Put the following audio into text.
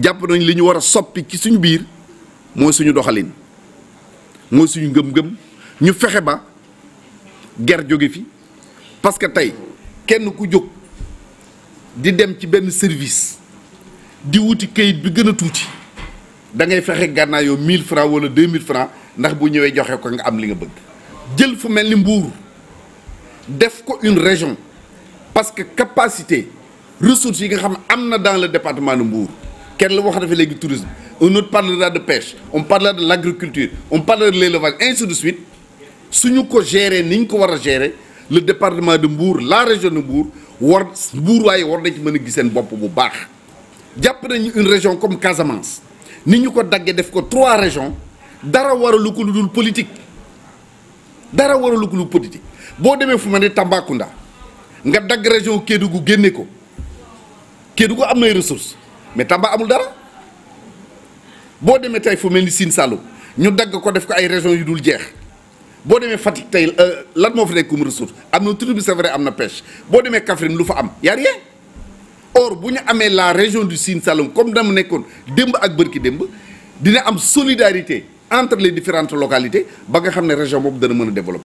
jàpp nañ li ñu war a soppi ci suñu biir mooy suñu doxalin mooy suñu ngëm-ngëm ñu fexe ba ger jóge fi parce que tey kenn ku jóg di dem ci benn service di wuti kayit bi gën a tuuti da ngay fexe gànnaayoo 1000 francs wala mille francs ndax bu ñëwee joxee ko nga am li nga bëgg jël fu mel ni Mbuur def ko une région parce que capacité ressources yi nga xam am na dans le département de Mbour kenn la wax dafa léegi tourisme on autre parlera de pêche on parlera de l' agriculture on parlera de l'élevage ainsi de suite suñu ko gérer ni ñu ko war a gérer le département de Mbour la région de Mbour war Mbour waaye war na ci mën a gis seen bopp bu baax jàpp nañu une région comme Casamance ni ñu ko daggee def ko trois régions dara waralu ko lu dul politique dara waralu ko lu politique boo demee fu ma ne Tambacounda nga dagg région Kédougou génne ko Kédougou am nay ressources mais Tamba amul dara boo demee tey fu mel ni Sine Saloum ñu dagg ko def ko ay régions yu dul jeex boo demee Fatick tey euh, lan moo fa nekk comme ressource am na tout bi am na pêche boo demee Kaffrine lu fa am y or bu ñu amee la région du Sine Saloum comme dama nekkoon démb ak bërki démb dina am solidarité entre les différentes localités ba nga xam ne région boobu dana mën a développer